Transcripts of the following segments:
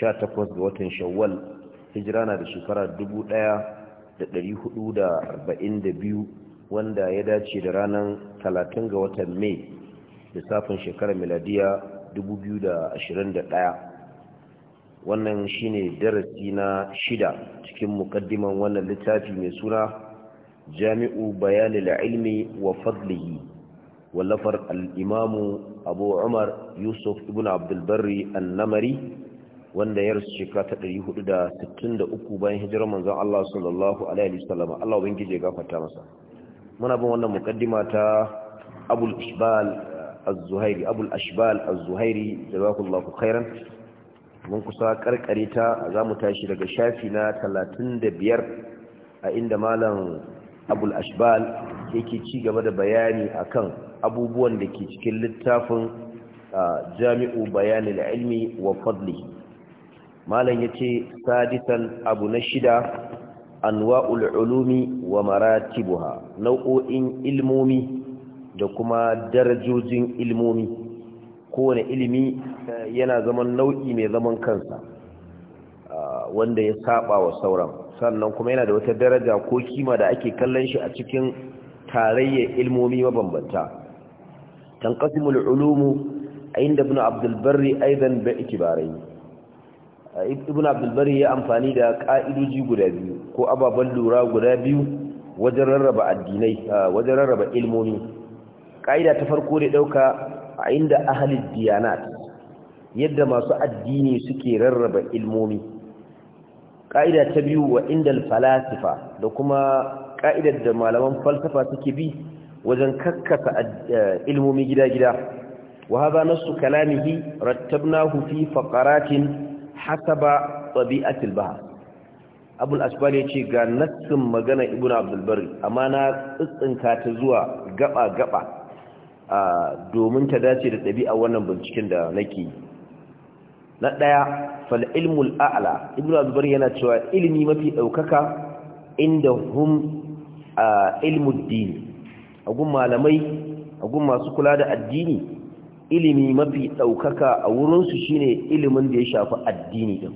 takwas ga watan shawwal hijira na da shekara biyu wanda ya dace da ranar talatin ga watan mai lissafin shekarar miladiya ɗaya. wannan shine darasi na shida cikin mukaddiman wannan littafi mai suna jami'u bayanin ilmi wa fadlihi wallafar Al'imamu abu umar yusuf ibn abdulbarri annamari wanda ya rasu shekara ta 463 bayan hijirar manzon Allah sallallahu alaihi wasallam Allah ubangije gafarta masa muna bin wannan mukaddima ta Abul Ishbal Az-Zuhairi Abul Ashbal Az-Zuhairi jazakallahu mun kusa karkare ta za mu tashi daga shafi na biyar a inda malam Abul Ashbal yake ci gaba da bayani akan abubuwan da ke cikin littafin ah, jami'u bayanil ilmi wa fadlihi malam yace sadisan abu na shida anwa'ul ulumi wa maratibuha nau'o'in ilmomi da kuma darajojin ilmomi kowane ilimi eh, yana zaman nau'i mai zaman kansa ah, wanda ya saba wa sauran sannan kuma yana da wata daraja ko kima da ake kallon shi a cikin tarayyar ilmomi mabambanta tanqasimul ulumu inda ibn abdul barri aidan bi itibarihi ibn abdulbari ya amfani da ƙa'idoji guda biyu ko ababen lura guda biyu wajen rarraba addinai wajen rarraba ilmomi ƙa'ida ta farko da ɗauka a inda ahalin diyanat yadda masu addini suke rarraba ilmomi ƙa'ida ta biyu wa inda falasifa da kuma ƙa'idar da malaman falsafa suke bi wajen kakkasa e, ilmomi gida-gida wa haza nasu kalamihi rattabnahu fi faqaratin hasaba tabi'atil bahr abul asbali yace ga nassin magana ibnu abdul bari amma na tsinka ta zuwa gaba gaba domin ta dace da ɗabi'a wannan binciken da nake na ɗaya fal ilmul a'la ibnu abdul bari yana cewa ilimi mafi ɗaukaka inda hum ilmuddin agun malamai agun masu kula da addini ilimi mafi ɗaukaka a wurinsu shine ilimin da ya shafi addini ɗin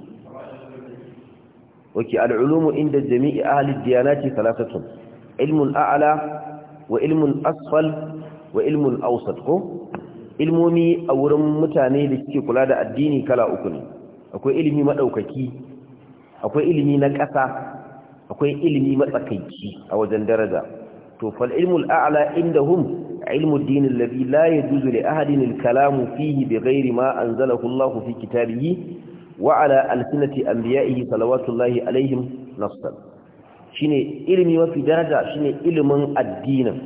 wake al'ulumu inda jami'i diyana ce talatatun ilmun a'ala wa ilmun asfal wa ilmun ausat ko ilmomi a wurin mutane da suke kula da addini kala uku ne akwai ilimi maɗaukaki akwai ilimi na ƙasa akwai ilimi matsakaici a wajen daraja to fal ilmul a'la indahum علم الدين الذي لا يجوز لأحد الكلام فيه بغير ما أنزله الله في كتابه وعلى ألسنة أنبيائه صلوات الله عليهم نصا shine ilmi mafi daraja shine ilimin addinin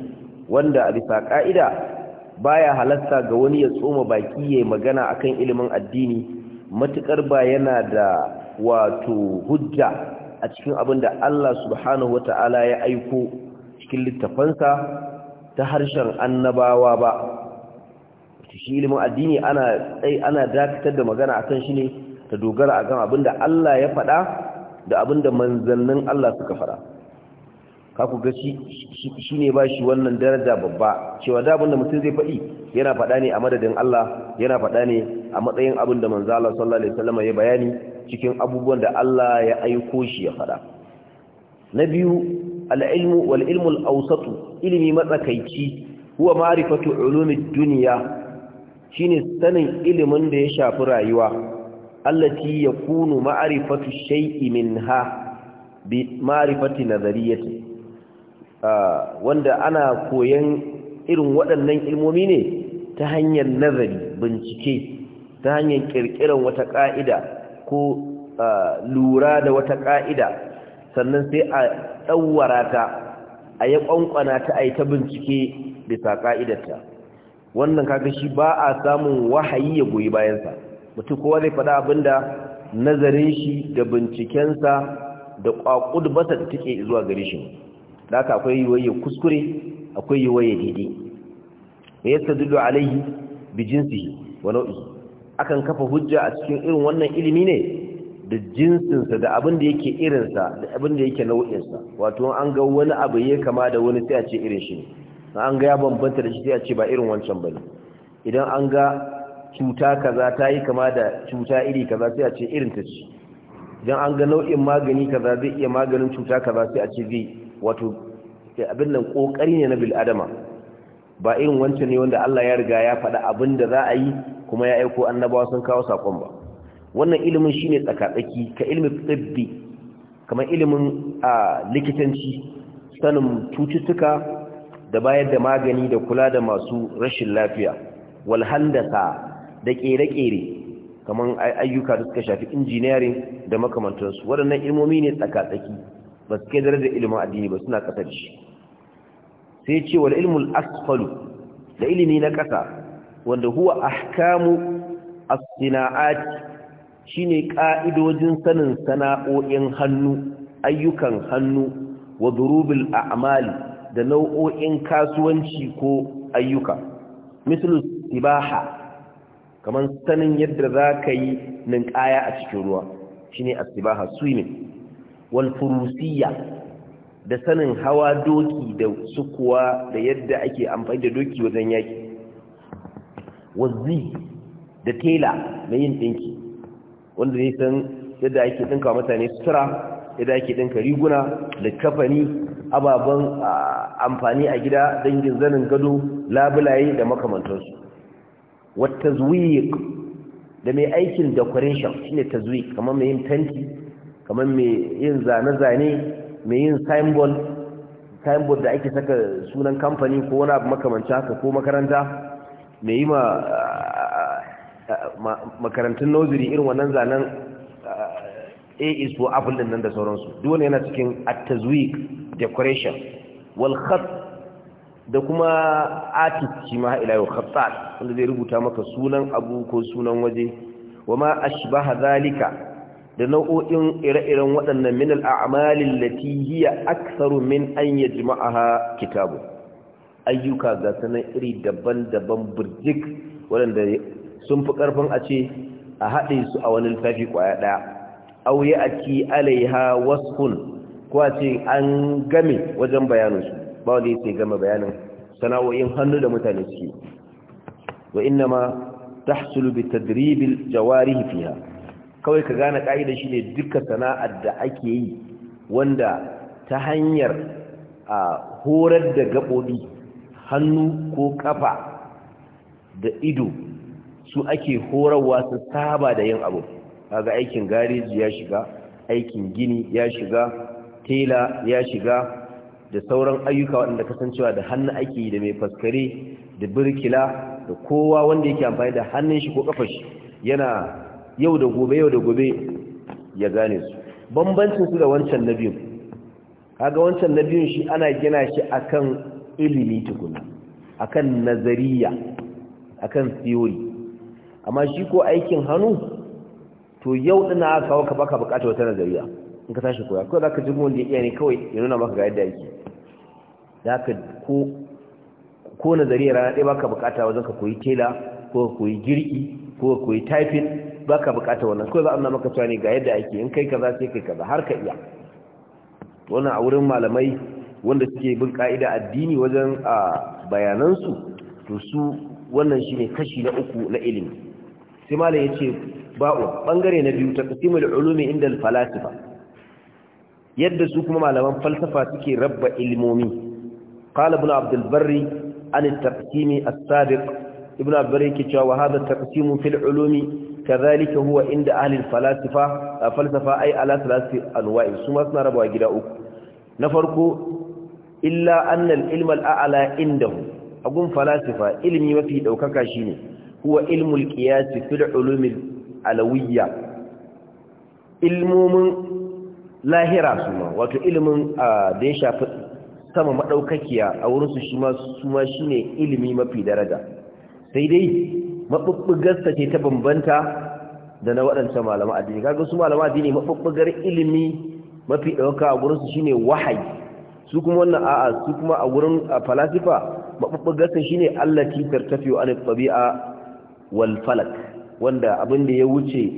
wanda a bisa ka'ida baya halasta ga wani ya tsoma baki yayin magana akan ilimin addini matukar ba yana da wato hujja a cikin abinda da Allah subhanahu wataala ya aiko cikin littafansa ta harshen annabawa ba shi ilimin addini ana tsaye ana dakatar da magana akan shi ne ta dogara akan abinda Allah ya faɗa da abinda manzannin Allah suka faɗa kaku ga shi ne ba shi wannan daraja babba cewa da abinda mutum zai faɗi yana faɗa ne a madadin Allah yana faɗa ne a matsayin abinda manzo Allah sallallahu alaihi wasallam ya bayani cikin abubuwan da Allah ya aiko shi ya faɗa na biyu al'ilmu wal'ilmul ausatu ilimi matsakaici wa marifatu ulumin duniya shi ne sanin ilimin da ya shafi rayuwa allati ya kunu ma'arifatu shai'i min ha bi ma'arifati nazariyati ah, wanda ana koyan irin waɗannan ilmomi ne ta hanyar nazari bincike ta hanyar ƙirƙirar wata ƙa'ida ko ah, lura da wata ƙa'ida sannan sai a ɗauwara ta a yi ƙwanƙwana ta a yi ta bincike bisa ƙa'idarta wannan kakashi ba a samun wahayi ya goyi bayansa Mutu kowa zai faɗa abinda nazarin shi da bincikensa da ƙwaƙud basa da take zuwa gari shi da ka akwai yi waye kuskure akwai yi waye daidai me yasta dudu alaihi bi jinsihi wa nau'i akan kafa hujja a cikin irin wannan ilimi ne da jinsinsa da abin da yake irinsa da abin da yake nau'insa wato an ga wani abu ya kama da wani sai a ce irin shi ne an ga ya bambanta da shi sai a ce ba irin wancan ba ne idan an ga cuta kaza ta yi kama da cuta iri kaza sai a ce irin ta ce idan an ga nau'in magani kaza zai iya maganin cuta kaza sai a ce zai wato abin nan kokari ne na bil'adama ba irin wancan ne wanda Allah ya riga ya faɗa abin da za a yi kuma ya aiko annabawa sun kawo sakon ba wannan ilimin shine tsakatsaki ka ilimin tsibbi kamar ilimin a likitanci sanin cututtuka da bayar da magani da kula da masu rashin lafiya walhandasa da kere-kere kamar ayyuka da suka shafi injiniyarin da makamantarsu waɗannan ilmomi ne tsakatsaki ba su kai da ilimin addini ba suna ƙasar shi sai ce wal asfalu da ilimi na ƙasa wanda huwa ahkamu as-sina'at Shi ne ƙa'idojin sanin sana'o'in hannu ayyukan hannu wa durubil amali da nau'o'in kasuwanci ko ayyuka misal tibaha kamar sanin yadda za ka yi ninkaya a cikin ruwa shine asibaha swimming wal furusiya da sanin hawa doki da sukuwa da yadda ake amfani da doki wajen yaki wazi da tela na yin ɗinki. wanda zai san yadda ake dinka mutane sutura yadda ake dinka riguna da kafani ababen amfani a gida dangin zanin gado labulaye da makamantarsu. wata zuwiq da mai aikin decoration shine zuwi kamar mai yin tanti kamar mai yin zane-zane mai yin signboard signboard da ake saka sunan kamfani ko wani abu makamanta ko makaranta mai yi ma makarantun noziri irin wannan zanen a is for apple nan da sauransu duk yana cikin at-tazwiq decoration wal khat da kuma artist shi ma ila yau wanda zai rubuta maka sunan abu ko sunan waje wama ashbaha zalika da nau'o'in ire-iren waɗannan min al-a'mali allati hiya aktharu min an yajma'aha kitabu ayyuka ga sanan iri daban-daban burjik waɗanda sun fi ƙarfin a ce a haɗe su a wani littafi ƙwaya ɗaya auye a ki alaiha wasfun ko a ce an game wajen su. ba wanda yake game bayanin sana'o'in hannu da mutane suke wa inna ma tahsulu bi tadribil jawarihi fiha kawai ka gane shi shine duka sana'ar da ake yi wanda ta hanyar a horar da gaɓoɓi, hannu ko kafa da ido su ake horarwa su saba da yin abu kaga aikin gareji ya shiga aikin gini ya shiga tela ya shiga da sauran ayyuka waɗanda kasancewa da hannu ake da mai faskare da birkila da kowa wanda yake amfani da hannun shi ko kafar shi yana yau da gobe yau da gobe ya gane su bambancin su da wancan na biyun. kaga wancan na biyun shi ana gina shi akan ilimi tukuna akan nazariya akan theory amma shi ko aikin hannu to yau dina aka kawo ka baka bukata wata nazariya in ka tashi koya ko za ka jirgin wanda ya iya ne kawai ya nuna maka ga yadda yake za ka ko nazariya rana ɗaya baka bukata wajen ka koyi tela ko ka koyi girki ko ka koyi typing baka bukata wannan ko za a nuna maka cewa ne ga yadda yake in kai kaza sai kai kaza har ka iya wannan a wurin malamai wanda suke bin ka'ida addini wajen a ah, bayanansu to su wannan shine kashi na uku na ilimi Simala ya ce ba’u ɓangare na biyu ta ƙasimu da ulumi inda falasifa, yadda su kuma malaman falsafa suke rabba ilmomi. Kala Ibn Abdulbari an taƙasimi a Sadiq, Ibn Abdulbari ke cewa wa haɗa taƙasimu fil ulumi, ka zalika huwa inda ahalin falasifa a falsafa ai ala salasi alwa’i su masu na rabawa gida uku. Na farko, illa annal ilmal a'ala indahu, agun falasifa ilimi mafi ɗaukaka shi ne, huwa ilmul qiyasi fil ulumil alawiyya ilmomin lahira su ma wato ilmin da ya shafi sama madaukakiya a wurin su shi ma su ma shine ilimi mafi daraja sai dai mabubbugarsa ce ta bambanta da na waɗancan malama addini kaga su malama addini mabubbugar ilimi mafi ɗauka a wurin gurinsu shine wahayi su kuma wannan a'a su kuma a gurin falasifa mabubbugarsa shine allati tartafiu an tabi'a Walfalak, wanda abin da ya wuce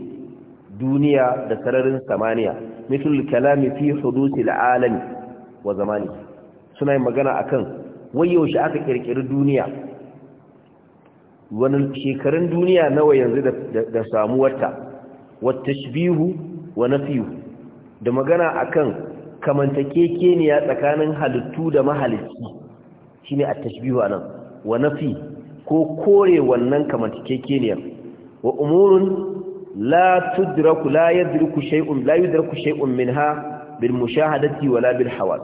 duniya da sararin samaniya mitul kalami fi hudusil alami wa zamani suna yin magana akan yaushe aka kirkiri duniya wani shekarun duniya nawa yanzu da samuwarta wata shibihu wa nafiyu da magana akan kamantakekeniya tsakanin halittu da mahalicci shine at-tashbihu anan wa nafi ko kore wannan kamantakekeniyar wa umurun la tudraku la yadriku shay'un la yudraku shay'un minha bil mushahadati wala bil hawas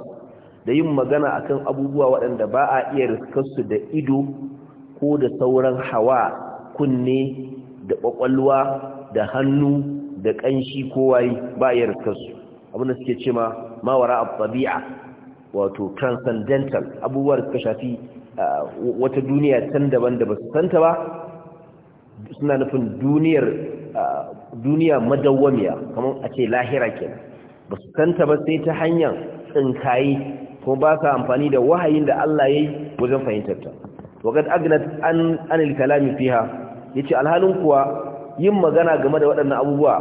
da yin magana akan abubuwa waɗanda ba a iya riskarsu da ido ko da sauran hawa kunne da ƙwaƙwalwa da hannu da ƙanshi ko waye ba a iya riskarsu abinda suke ce ma mawara a tabi'a wato transcendental abubuwa da suka shafi wata duniya can daban da ba su santa ba suna nufin duniyar duniya madawwamiya kamar a ce lahira kenan ba su santa ba sai ta hanyar tsinkaye kuma ba su amfani da wahayin da Allah ya yi wajen ta waƙad agnat an anil kalami fiha yace alhalin kuwa yin magana game da waɗannan abubuwa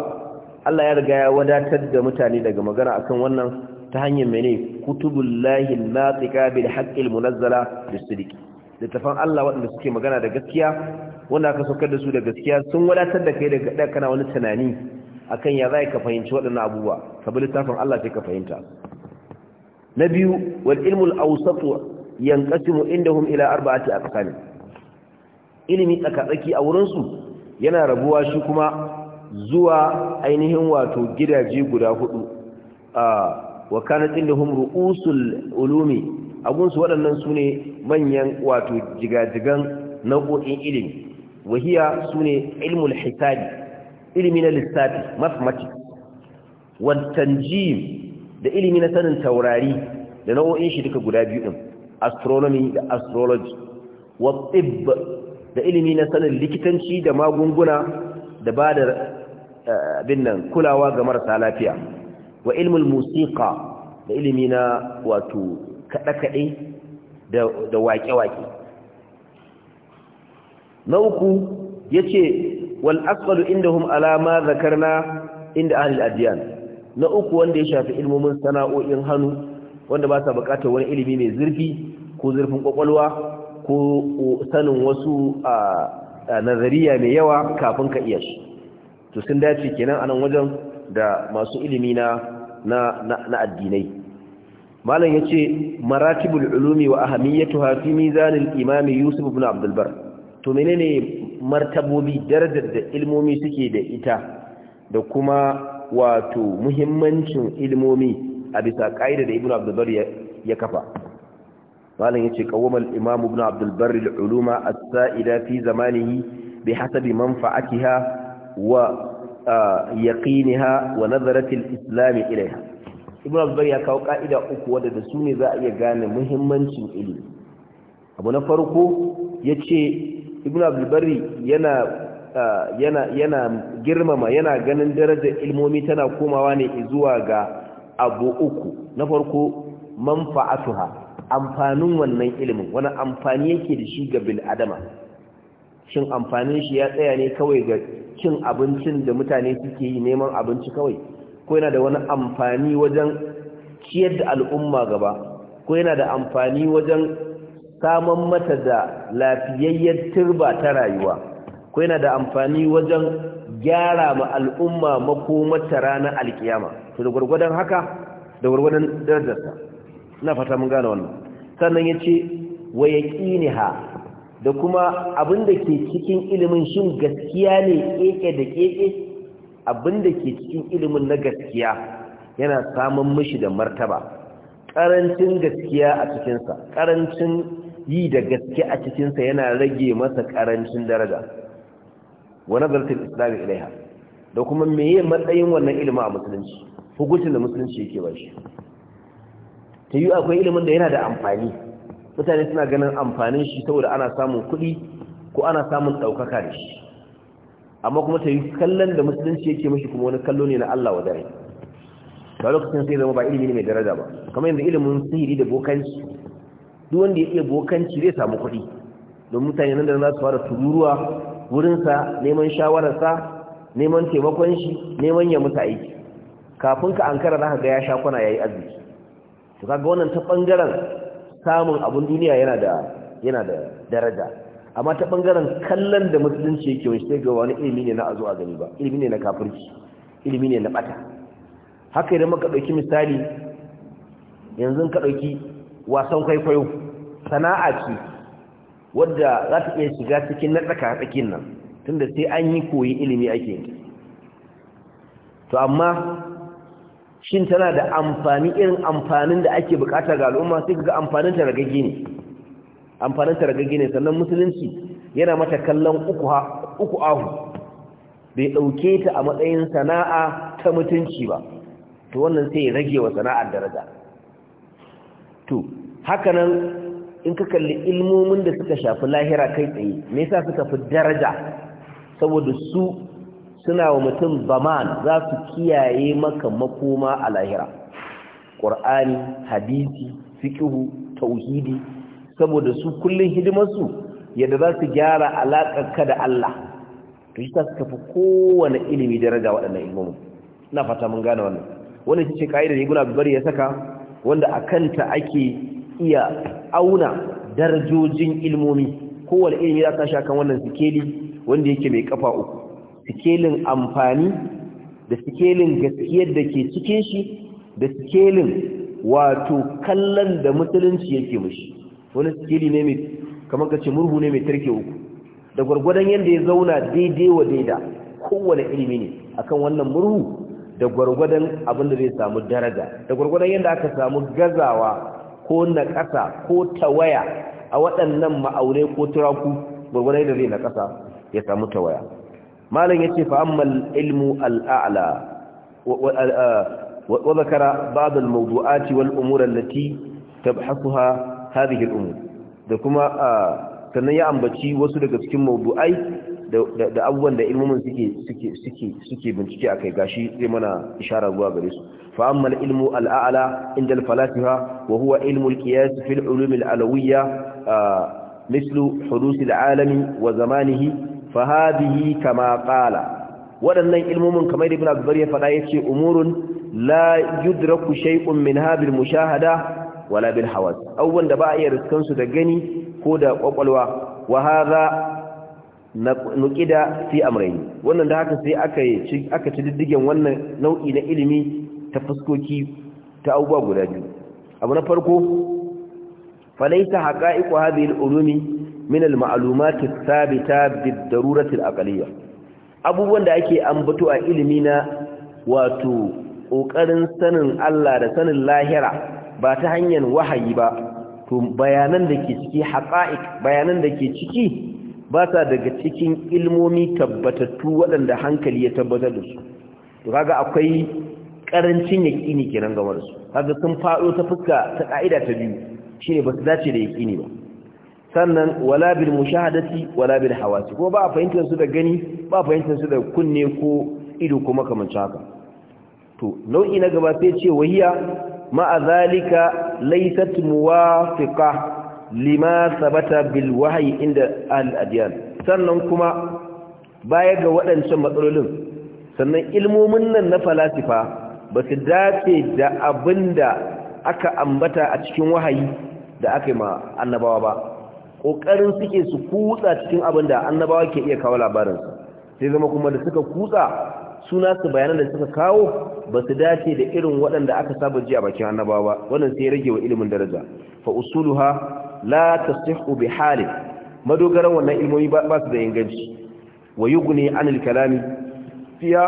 Allah ya riga ya wadatar da mutane daga magana akan wannan ta hanyar mene kutubullahi na bil haqqil munazzala bis sidiq littafan Allah waɗanda suke magana da gaskiya wanda aka saukar da su da gaskiya sun wadatar da kai daga ɗan kana wani tunani akan ya za ka fahimci waɗannan abubuwa ka bi littafin Allah sai ka fahimta na biyu wal ilmul awsat yanqasimu hum ila arba'ati aqsam ilimi tsakatsaki a wurin su yana rabuwa shi kuma zuwa ainihin wato gidaje guda hudu a ah, wa kanat indahum ru'usul ulumi abunsu su waɗannan sune manyan wato jigajigan nau'o'in ilimi wahiya sune ilmul hisabi ilimi na lissafi mathematics wal tanjim da ilimi na sanin taurari da nau'o'in shi duka guda biyu din astronomy da astrology wa tibb da ilimi na sanin likitanci da magunguna da ba da eh, abin nan kulawa ga marasa lafiya wa ilmul musiqa da ilimi na wato kaɗe-kaɗe da waƙe-waƙe na uku ya ce wal asfalu inda hum alama zakarna inda ahalil adiyan na uku wanda ya shafi ilmomin sana'o'in hannu wanda ba sa buƙatar wani ilimi mai zurfi ko zurfin ƙwaƙwalwa ko sanin wasu a nazariya mai yawa kafin ka iya shi to sun dace kenan a nan wajen da masu ilimi na na addinai malam ya ce maratibul ulumi wa ahamiyatuha hafi mizanin imami yusuf ibn abdulbar to menene martabobi darajar da ilmomi suke da ita da kuma wato muhimmancin ilmomi a bisa ƙa'ida da ibn abdulbar ya kafa malam ya ce kawamar imam ibn abdulbar uluma as-sa'ida fi zamanihi bi hasabi manfa'atiha wa yaqiniha wa nazarat al-islam ilayha ibnu abdul ya kawo ka'ida uku wanda da su ne za a iya gane muhimmancin ilimi abu na farko yace ibnu abdul yana yana yana girmama yana ganin darajar ilmomi tana komawa ne zuwa ga abu uku na farko manfa'atuha amfanin wannan ilimin wani amfani yake da shi ga bil adama shin amfanin shi ya tsaya ne kawai ga cin abincin da mutane suke yi neman abinci kawai ko yana da wani amfani wajen ciyar da al'umma gaba ko yana da amfani wajen saman mata da lafiyayyar turba ta rayuwa ko yana da amfani wajen gyara ma al'umma makomata ranar alkiyama to da gwargwadon haka da gwargwadon darajarsa ina fata mun gane wannan sannan ya ce wa ha. da kuma abin da ke cikin ilimin shin gaskiya ne keke da keke abin da ke cikin ilimin na gaskiya yana samun mishi da martaba Karancin gaskiya a cikinsa karancin yi da gaske a cikinsa yana rage masa karancin daraja wani zartar islami ilaiha da kuma meye matsayin wannan ilimin a musulunci hukuncin da musulunci yake ba shi ta yi akwai ilimin da yana da amfani mutane suna ganin amfanin shi saboda ana samun kuɗi ko ana samun ɗaukaka da shi amma kuma ta yi kallon da musulunci yake mashi kuma wani kallo ne na Allah wa dare ba lokacin sai zama ba ilimi ne mai daraja ba kamar yadda ilimin sihiri da bokanci duk wanda ya iya bokanci zai samu kuɗi don mutane nan da za su fara tururuwa wurinsa neman shawararsa neman taimakon shi neman ya musu aiki kafin ka ankara za ka ga ya sha kwana ya yi arziki to kaga wannan ta bangaren samun abin duniya yana da yana da daraja amma ta bangaren kallon da musulunci yake wani sai ga wani ilimi ne na azu a gani ba ilimi ne na kafirci ilimi ne na bata haka idan muka dauki misali yanzu ka dauki wasan kwaikwayo sana'a ce wadda za ta iya shiga cikin na tsaka tsakin nan tunda sai an yi koyi ilimi ake yi to amma shin tana da amfani irin amfanin da ake bukata ga al'umma sai ga amfanin ragage ne amfanin ragage ne sannan musulunci yana mata kallon uku ahu bai dauke ta a matsayin sana'a ta mutunci ba to wannan sai ya rage wa sana'ar daraja to hakanan in ka kalli ilmomin da suka shafi lahira kai tsaye me yasa suka fi daraja saboda su suna wa mutum baman za su kiyaye maka makoma a lahira ƙur'ani hadisi fikihu tauhidi saboda su kullum hidimarsu yadda za su gyara alaƙarka da Allah to shi ta suka fi kowane ilimi daraja waɗannan ilmomin ina fata mun gane wannan shi ce ka'ida da riguna bari ya saka wanda a kanta ake iya auna darajojin ilmomi kowane ilimi za ka sha kan wannan sikeli wanda yake mai kafa uku sikelin amfani da sikelin gaskiyar da ke cikin shi da sikelin wato kallon da musulunci yake mushi wani sikeli ne mai kamar kace murhu ne mai tarke uku da gwargwadon yadda ya zauna daidai wa daida kowane ilimi ne akan wannan murhu da gwargwadon abin da zai samu daraja da gwargwadon yadda aka samu gazawa ko naƙasa ko tawaya a waɗannan ma'aure ko turaku gwargwadon yadda zai naƙasa ya samu tawaya malam yace fa ammal ilmu al'a'la wa zakara ba'd al-mawdu'ati wal umur allati tabhasuha hadhihi al-umur da kuma sannan ya ambaci wasu daga cikin mawdu'ai da abubuwan da ilmumin suke suke suke bincike akai gashi zai mana ishara zuwa gare su fa ilmu al-a'la inda al-falasifa wa huwa ilmu al-qiyas fi al-ulum al-alawiyya mislu hudus al-alami wa zamanihi fa kama qala waɗannan ilmomin kamar ibn abdul ya faɗa yace umurun la yudraku shay'un min habil mushahada wala bil hawas awwan da ba a iya riskan su da gani ko da ƙwaƙwalwa wa hadha nuqida fi amrayn wannan da haka sai aka aka ci diddigen wannan nau'i na ilimi ta fuskoki ta abubuwa guda biyu abu na farko falaysa haqa'iqu hadhihi al-ulumi Minal al-ma'lumat ath-thabita abubuwan da ake ambato a ilimi na wato kokarin sanin Allah da sanin lahira ba ta hanyar wahayi ba to bayanan da ke ciki haqa'iq bayanan da ke ciki ba sa daga cikin ilmomi tabbatattu waɗanda hankali ya tabbatar da su to kaga akwai karancin yaqini kenan game da su kaga sun faɗo ta fuska ta ƙa'ida ta biyu shine ba su dace da yaqini ba sannan wala bil mushahadati wala bil hawasi ko ba fahimtar su da gani ba fahimtar su da kunne ko ido kuma kamar haka to nau'i na gaba sai ce wahiya ma'a zalika laysat muwafiqa lima sabata bil wahyi inda al adyan sannan kuma baya ga waɗancan matsalolin sannan ilmomin nan na falasifa ba su dace da abinda aka ambata a cikin wahayi da aka yi ma annabawa ba kokarin suke su kutsa cikin abin da annabawa ke iya kawo labarinsa sai zama kuma da suka kutsa suna su bayanan da suka kawo ba su dace da irin waɗanda aka saba ji a bakin annabawa ba wannan sai rage wa ilimin daraja fa usuluha la tasihhu bi hali madogaran wannan ilmomi ba su da inganci wa yughni anil kalami fiya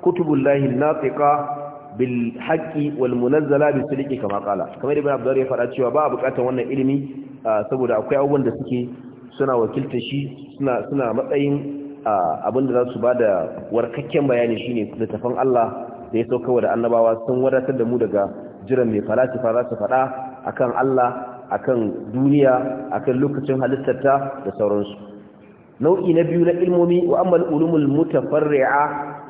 kutubullahi natiqa bil haqqi wal munazzala bi sidqi kama qala kamar ibn abdur ya fara cewa ba bukatar wannan ilimi saboda akwai abubuwan da suke suna wakiltar shi suna suna matsayin abin da za su bada warkakken bayani shine tafan Allah da ya sauka da annabawa sun wadatar da mu daga jiran mai faraci faraci faɗa akan Allah akan duniya akan lokacin halittarta da sauransu nau'i na biyu na ilmomi wa amma ulumul mutafarri'a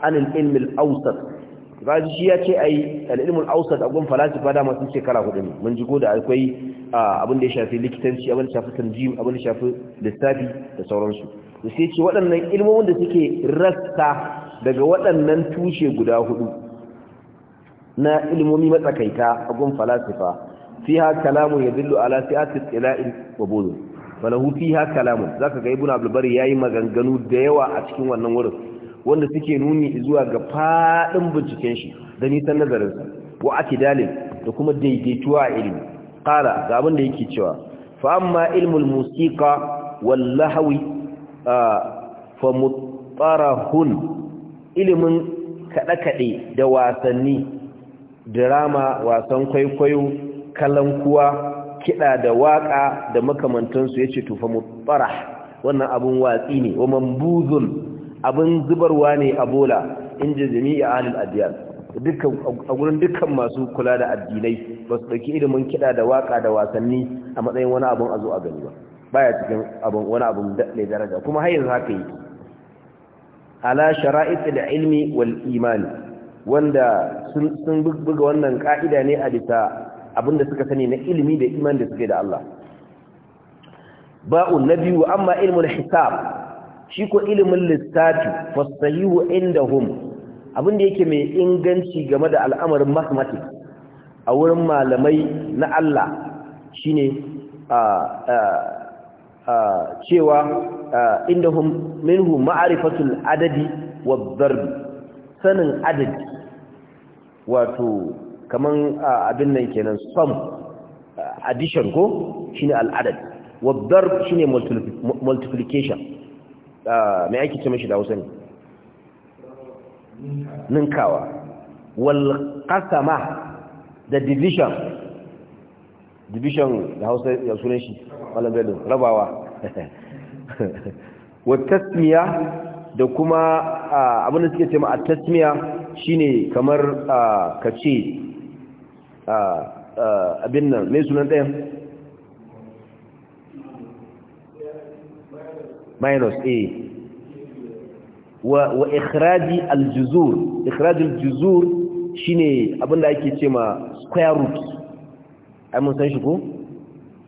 anil ilmil awsat ibadu shi ya ce ai a ilmul awsat agun falasifa sun sun shekara hudu ne mun jigo da akwai abin da ya shafi likitanci abin da shafi tanjim abin da shafi lissafi da sauransu da sai ce waɗannan ilmomin da suke rasta daga waɗannan tushe guda hudu na ilmomi matsakaita agon falasifa fiha ya yadullu ala si'atil ila'in wa zaka ga ibnu abdul bari yi maganganu da yawa a cikin wannan wurin wanda suke nuni zuwa ga fadin binciken shi da nisan nazarinsa wa dalil da kuma daidaituwa a ilimi qala ga abin da yake cewa fa amma ilmul musiqa wal lahwi fa mutarahun ilimin kaɗe-kaɗe da wasanni drama wasan kwaikwayo kalankuwa kiɗa da waƙa da makamantansu ya ce tufa mutarah wannan abun watsi ne wa mambuzun abin zubarwa ne a bola in ji jami'a ahlul adiyan a wurin dukkan masu kula da addinai ba su ɗauki ilimin kiɗa da waka da wasanni a matsayin wani abin a zo a gani ba baya cikin wani abin mai daraja kuma har yanzu haka yi ala shara'it da ilmi wal imani wanda sun buga wannan ka'ida ne a bisa da suka sani na ilimi da iman da suke da Allah ba'un biyu, amma ilmul hisab shi ko ilimin lissafi fasahihu indahum abin da yake mai inganci game da al'amarin mathematics a wurin malamai na Allah shine cewa indahum minhu ma'rifatul adadi wadh-darb sanin adadi wato kaman abin nan kenan sum addition ko shine al'adad adad wadh shi shine multiplication mai aiki ce mashi da hausa ne ninkawa wal da division division da hausa ya sunan shi malabelin rabawa wa tasmiya da kuma abin da suke ce ma a tasmiya shine kamar ka ce abin nan mai sunan ɗayan minus a wa, wa ikhraji aljuzur ikhrajul juzur shine abinda ake ce ma square root ai san shi ko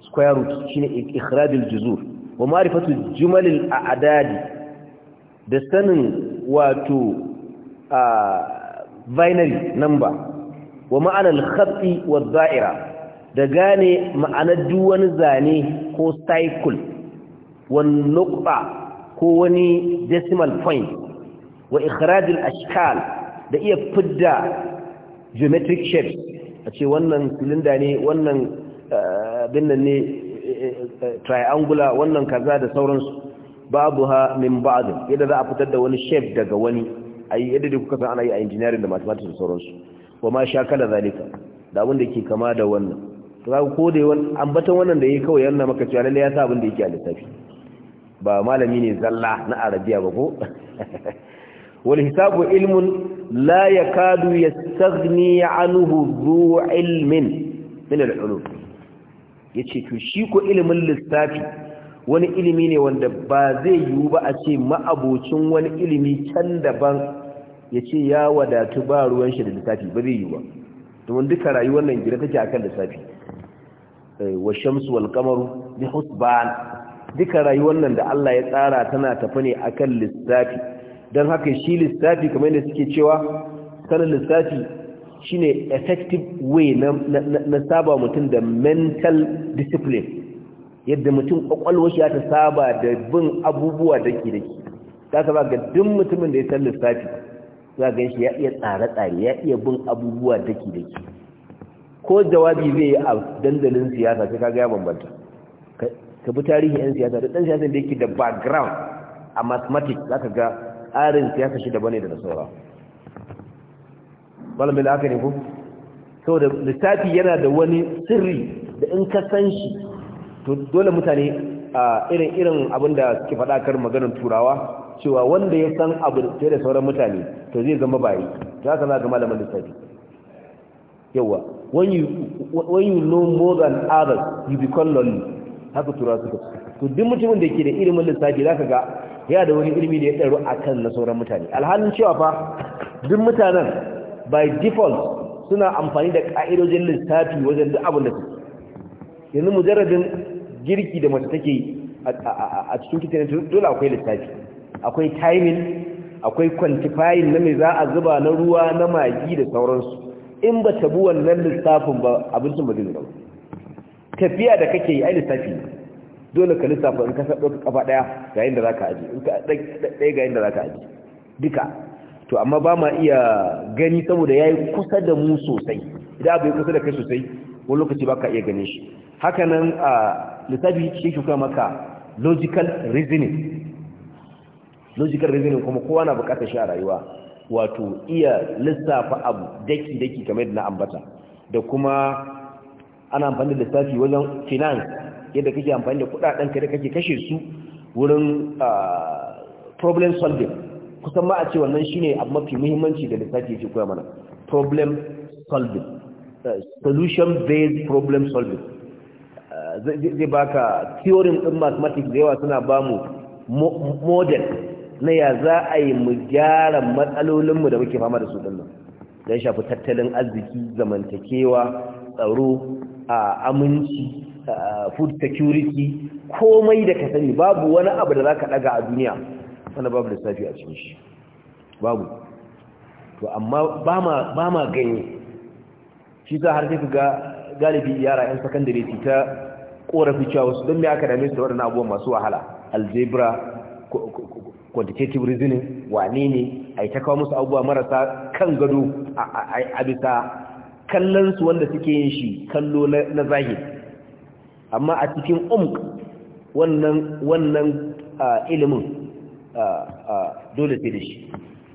square root shine ikhrajul Aljuzur. wa ma'rifatu jumal a a'dadi da sanin wato a binary number wa ma'anar khatti wa da'ira da gane ma'anar duwani zane ko cycle wani nukba ko wani decimal point wa ikhrajul ashkal da iya fidda geometric shapes a ce wannan cylinder ne wannan eh, binnan ne eh, eh, triangular wannan kaza da sauransu babu ha min ba'd yadda za a fitar da wani shape daga wani ai yadda da kuka san ana yi a engineering da mathematics da sauransu sha shakala zalika da abin da ke kama da wannan to ko da wannan ambaton wannan da ya yi kawai yana maka cewa lalle ya sa abin da yake a lissafi ba malami ne zalla na arabiya ba ko wal hisabu ilmun la yakadu yastaghni anhu dhu ilmin min al ulum yace to shi ko ilmin lissafi wani ilimi ne wanda ba zai yiwu ba a ce ma'abocin wani ilimi can daban ya ce ya wadatu ba ruwan shi da lissafi ba zai yiwu ba domin duka rayuwar nan gida take akan lissafi eh, wa shamsu wal qamaru bi husban duka rayuwar nan da Allah ya tsara tana tafi ne akan lissafi don haka shi lissafi kamar yadda suke cewa sanin lissafi shine effective way na, saba mutum da mental discipline yadda mutum kwakwalwar shi ta saba da bin abubuwa da daki ta saba ga duk mutumin da ya san lissafi za ga shi ya iya tsare-tsare ya iya bin abubuwa da daki ko jawabi zai yi a dandalin siyasa sai kaga ya bambanta ka bi tarihi yan siyasa da dan siyasa da yake da background a mathematics zaka ga tsarin siyasa shi daban ne da saura Wala bil haka ne ko da lissafi yana da wani sirri da in ka san shi to dole mutane a irin irin abin da suke faɗa kar maganar turawa cewa wanda ya san abu da sauran mutane to zai zama bayi za ka zama ga malamin lissafi yawa when you when you know more than others you become lonely haka tura su to duk mutumin da ke da ilimin lissafi zaka ga yana da wani ilimi da ya tsaro akan na sauran mutane alhalin cewa fa duk mutanen by default suna amfani da ka'idojin lissafi wajen duk abin da suke yanzu mujarradin girki da mace take a cikin kitchen dole akwai lissafi akwai timing akwai quantifying na me za a zuba na ruwa na magi da sauransu in ba ta bi wannan lissafin ba abincin ba zai zama tafiya da kake yi a lissafi dole ka lissafa in ka sa ɗauka kafa ɗaya ga yadda za ka aji in ka ɗaya ga yadda za ka aji duka to amma ba ma iya gani saboda ya yi kusa da mu sosai idan abu ya kusa da kai sosai wani lokaci baka iya gane shi haka nan a lissafi shi shuka maka logical reasoning logical reasoning kuma kowa na buƙatar shi a rayuwa wato iya lissafa abu daki-daki game da na ambata da kuma ana amfani da lissafi wajen finance yadda kake amfani da kudaden ka da kake kashe su wurin ah, problem solving kusan ma a ce wannan shine abu mafi muhimmanci da lissafi yake koya mana problem solving eh, solution based problem solving eh, zai baka theory din mathematics da yawa suna bamu model na ya za a yi mu gyara matsalolinmu da muke fama da su dinnan da shafi tattalin arziki zamantakewa tsaro aminci food security komai da ka sani babu wani abu da za ka daga a duniya wani babu lissafi a cikin shi babu to amma ba ma ganye shi ta har kai ga galibi yara 'yan sakandare ta korafi cewa wasu don me aka dame su da waɗannan abubuwan masu wahala algebra quantitative reasoning wane ne a yi ta kawo musu abubuwa marasa kan gado a bisa kallon su wanda suke yin shi kallo na zahiri amma a cikin umk wannan wannan ilimin dole sai da shi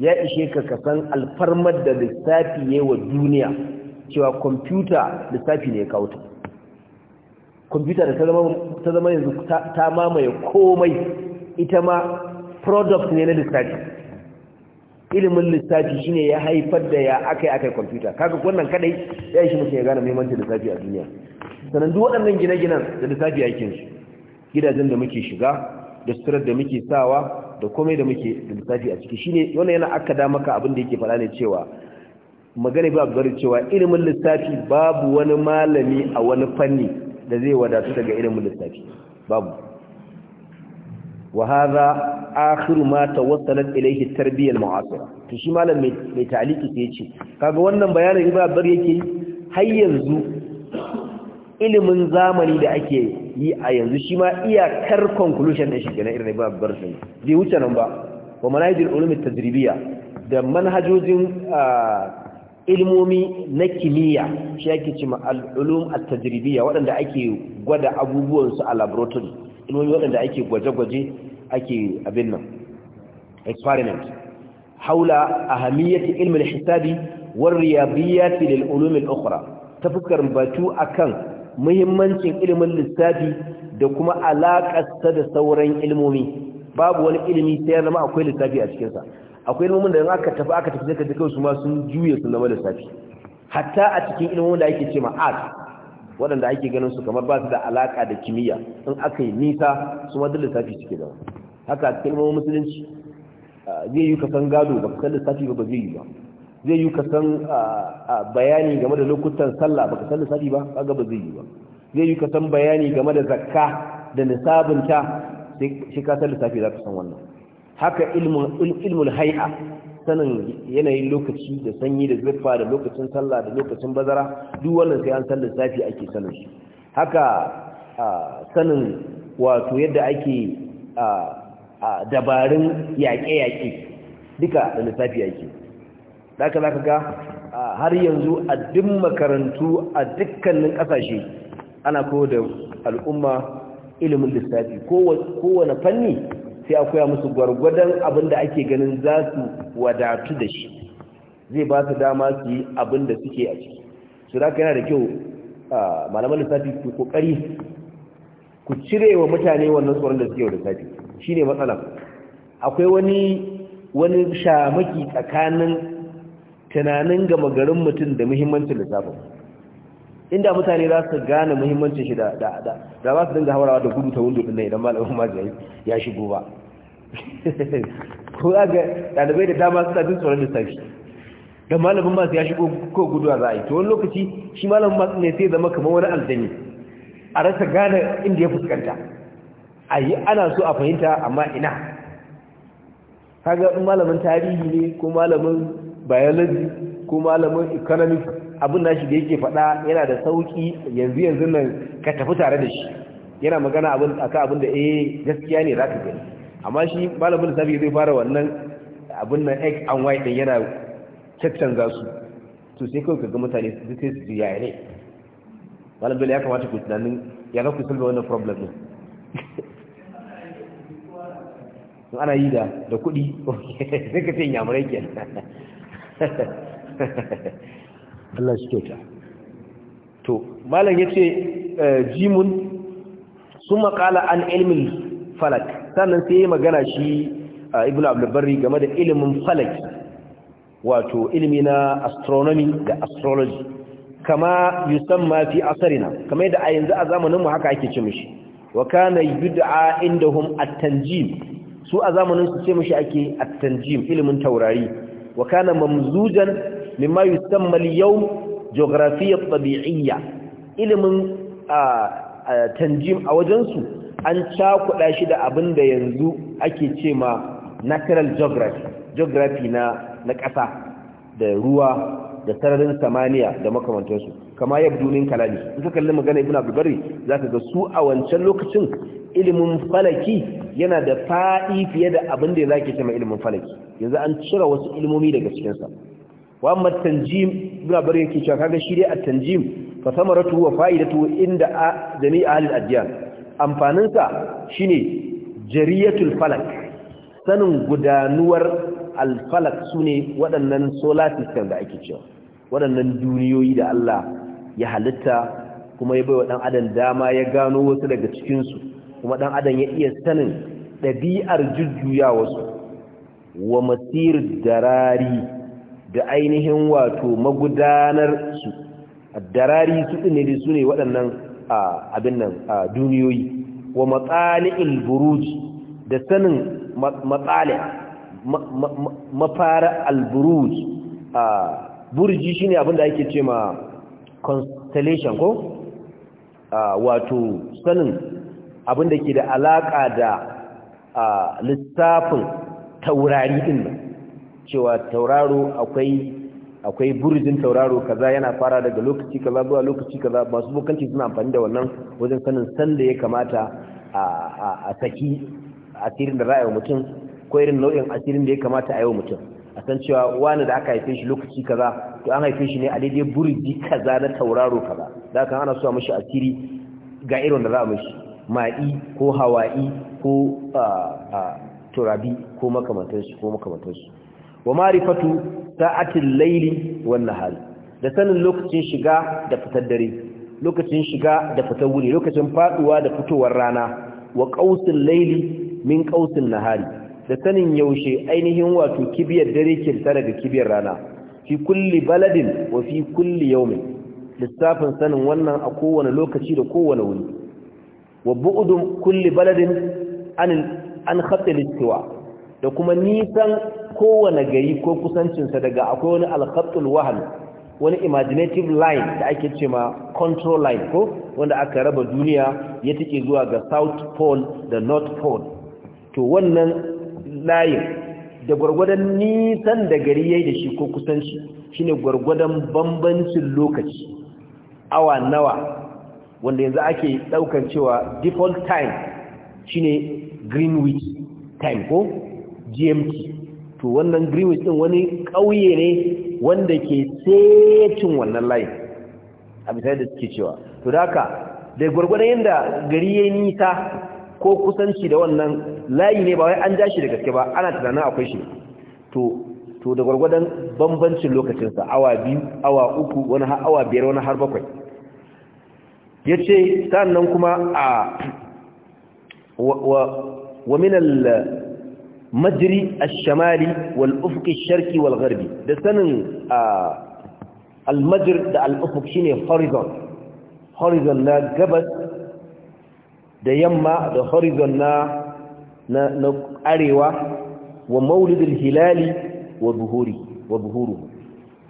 ya ishe ka kasan alfarmar da lissafi ne wa duniya cewa kwamfuta lissafi ne ya kawo ta kwamfuta da ta zama yanzu ta mamaye komai ita ma product ne na lissafi ilimin lissafi shine ya haifar da ya akai akai kwamfuta kaga wannan kadai ya yi shi mutum ya gane muhimmancin lissafi a duniya sannan duk waɗannan gine-ginen da lissafi ya yi gidajen da muke shiga da sutura da muke sawa da komai da muke da lissafi a ciki shine wannan yana aka da maka abin da yake faɗa ne cewa magana ba bari cewa ilimin lissafi babu wani malami a wani fanni da zai wadatu daga ilimin lissafi babu Wahaza hadha akhir ma tawassalat ilayhi at-tarbiyya to shi malam mai ta'aliki sai yace kaga wannan bayanin ibra bar yake har yanzu ilimin zamani da ake yi a yanzu shi ma iyakar conclusion din shi kenan irin ibra bar sai bai wuce nan ba wa manhajul ulum at-tajribiyya da manhajojin ilmomi na kimiyya shi ake cewa al-ulum at waɗanda ake gwada abubuwansu a laboratory ilmomi waɗanda ake gwaje-gwaje ake abin nan experiment haula ahamiyyati ilmi al-hisabi war riyadiyati lil ulum al-ukhra ta batu akan muhimmancin ilmin lissafi da kuma alaƙarsa da sauran ilmomi babu wani ilimi sai ya zama akwai lissafi a cikinsa akwai ilmomin da aka tafi aka tafi zaka duka su ma sun juye sun zama lissafi hatta a cikin ilmomin da ake ce ma art waɗanda ake ganin su kamar ba su da alaƙa da kimiyya in aka yi nisa su ma duk lissafi suke da haka cikin cikin musulunci zai yi kasan gado ba kasan lissafi ba zai yi ba zai yi kasan bayani game da lokutan sallah ba kasan lissafi ba ba gaba zai yi ba zai yi kasan bayani game da zakka da nisabinta sai ka san lissafi za ka san wannan haka ilmul hai'a sanin yanayin lokaci da sanyi da zurfa da lokacin sallah da lokacin bazara duk wannan sai an san lissafi ake sanin shi haka sanin wato yadda ake dabarun yaƙe-yaƙe duka da lissafi ake daga za ka ga har yanzu a duk makarantu a dukkanin ƙasashe ana koyar da al'umma ilimin lissafi kowane fanni sai a koya musu gwargwadon abin da ake ganin za su wadatu da shi zai ba su dama su yi abin da suke a ciki su ka yana da kyau malaman lissafi su kokari ku cire wa mutane wannan tsoron da suke wa lissafi shi ne matsala akwai wani wani shamaki tsakanin tunanin gama garin mutum da muhimmancin lissafin inda mutane za su gane muhimmancin shi da da da za su dinga haurawa da gudu ta windo din nan idan malamin magani ya shigo ba ko ga dalibai da dama suna jin tsoron lissafi da malamin masu ya shigo ko guduwa za a yi to wani lokaci shi malamin masu ne sai zama kamar wani aljani a rasa gane inda ya fuskanta a yi ana so a fahimta amma ina kaga malamin tarihi ne ko malamin biology ko malamin economics abin da shi da yake faɗa yana da sauƙi yanzu yanzu nan ka tafi tare da shi yana magana abin akan abin da eh gaskiya ne zaka gani amma shi malamin lissafi zai fara wannan abin nan x and y din yana caccanza su to sai kawai kaga mutane su sai su ya ne malam dole ya kamata ku tunanin ya ga ku sulba wannan problem din in ana yi da da kuɗi sai ka ce yamurai kenan Allah shi kyauta to malam yace eh, jimun sun makala an ilmin falak sannan sai yayi magana shi ibnu abdul game da ilimin falak wato ilimi na astronomy da astrology kama yusamma mafi asarina kama yadda a yanzu a zamanin mu haka ake ce mishi wa kana yud'a inda hun attanjim, su a zamaninsu ce mishi ake attanjim ilimin taurari wa kana mamzujan mimma yusamma al-yawm geographiya tabi'iyya ilimin tanjim a wajen su an cakuɗa shi da abin da yanzu ake ce ma natural geography geography na na ƙasa da ruwa da sararin samaniya da makamantansu kama yau dunin kalami in ka kalli magana ibnu abdulbari zaka ga su a wancan lokacin ilimin falaki yana da faɗi fiye da abin da zaki ce mai ilimin falaki yanzu an cire wasu ilimomi daga cikin sa wa amma tanjim ibn bari yake cewa kaga shi dai at-tanjim fa samaratu wa fa'idatu inda jami'a ahli al-adyan amfanin sa shine jariyatul falak sanin gudanuwar al-falak sune waɗannan solar system da ake cewa waɗannan duniyoyi da Allah ya halitta kuma ya bai wa dan adam dama ya gano wasu daga cikin su kuma dan adam ya iya sanin ɗabi'ar su. wa masir darari da ainihin wato magudanar su darari su ne da su ne waɗannan abin nan duniyoyi wa matsali'il buruji da sanin matsali mafara alburuji burji shine abin da ake ce ma constellation ko wato sanin abinda ke da alaƙa da lissafin taurari ɗin nan cewa tauraro akwai akwai burjin tauraro kaza yana fara daga lokaci kaza zuwa lokaci kaza masu bokanci suna amfani da wannan wajen sanin san da ya kamata a saki asirin da za mutum ko irin nau'in asirin da ya kamata a yi mutum a san cewa wani da aka haife shi lokaci kaza to an haife shi ne a daidai burji kaza na tauraro kaza da kan ana so a mishi asiri ga irin da za a mishi ma'i ko hawa'i ko turabi ko makamantansu ko wa ma'rifatu sa'atil layli wan nahar da sanin lokacin shiga da fitar dare lokacin shiga da fitar wuri lokacin faduwa da fitowar rana wa qausil layli min qausil nahari da sanin yaushe ainihin wato kibiyar dare ke tsara daga kibiyar rana fi kulli baladin wa fi kulli yawmin lissafin sanin wannan a kowane lokaci da kowane wuri wa bu'dun kulli baladin an an khatil istiwa da kuma nisan kowane gari ko kusancinsa daga akwai wani alkhattul wahal wani imaginative line da ake ce ma control line ko wanda aka raba duniya ya take zuwa ga south pole da north pole to wannan layin da gwargwadon nisan da gari yayi da shi ko kusanci shine gwargwadon bambancin lokaci awa nawa wanda yanzu ake daukan cewa default time shine greenwich time ko gmt to wannan greenwich din wani ƙauye ne wanda ke setin wannan layin a misali da suke cewa to da haka da gwargwadon yadda gari ya nisa ko kusanci da wannan layi ne ba wai an ja shi da gaske ba ana tunanin akwai shi to to da gwargwadon bambancin lokacinsa awa biyu awa uku wani awa biyar wani har bakwai ya ce sannan kuma a wa minal majri ash-shamali wal ufuq sharki wal garbi da sanin al-majr da al shine horizon horizon na gabas da yamma da horizon na na arewa wa maulidul hilali wa buhuri wa buhuru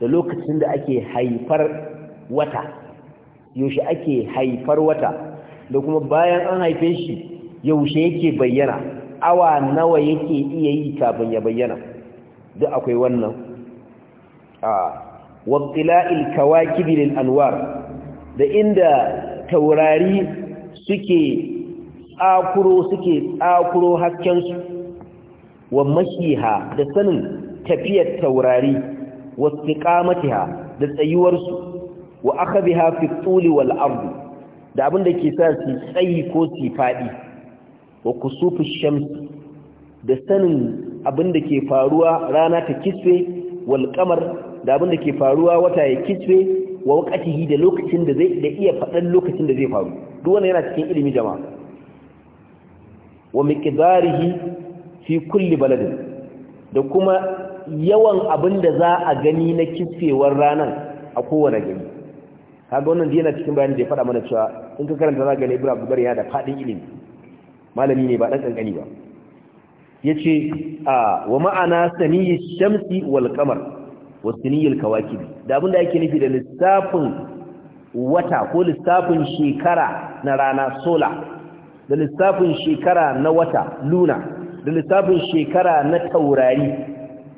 da lokacin da ake haifar wata yaushe ake haifar wata da kuma bayan an haife shi yaushe yake bayyana awa nawa yake iya yi kafin ya bayyana duk akwai wannan a waqtila'il kawakib lil anwar da inda taurari suke tsakuro suke tsakuro hasken su wa mashiha da sanin tafiyar taurari wa istiqamatiha da tsayuwar su wa akhadha fi tuli wal ard da abinda ke sa su tsayi ko su fadi wa kusufi shamsi da sanin abin da ke faruwa rana ta kiswe wal kamar da abin da ke faruwa wata ya kiswe wa wakatihi da lokacin da zai da iya faɗan lokacin da zai faru duk wannan yana cikin ilimi jama'a wa miqdarihi fi kulli baladin da kuma yawan abin da za a gani na kisfewar ranar a kowane gari kaga wannan yana cikin bayanin da ya faɗa mana cewa in ka karanta za ka gani Ibrahim Bukhari yana da faɗin ilimi malami ne ba dan ƙanƙani ba yace a wa ma'ana saniyi shamsi wal qamar wa siniyil kawakib da abinda yake nufi da lissafin wata ko lissafin shekara na rana sola da lissafin shekara na wata luna da lissafin shekara na taurari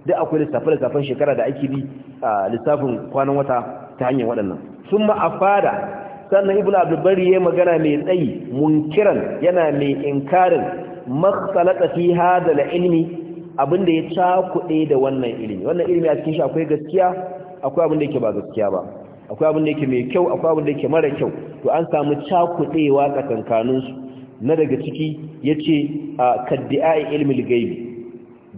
da akwai lissafin lissafin shekara da ake bi a lissafin kwanan wata ta hanyar waɗannan sun ma'afada sannan ibn bari ya magana mai tsayi munkiran yana mai inkarin makhsalata fi hada ilmi abinda ya cakuɗe da wannan ilimi wannan ilimi a cikin shi akwai gaskiya akwai abinda yake ba gaskiya ba akwai abinda yake mai kyau akwai abinda yake mara kyau to an samu cakuɗewa tsakankanin su na daga ciki yace kaddi'a ilmi gaibi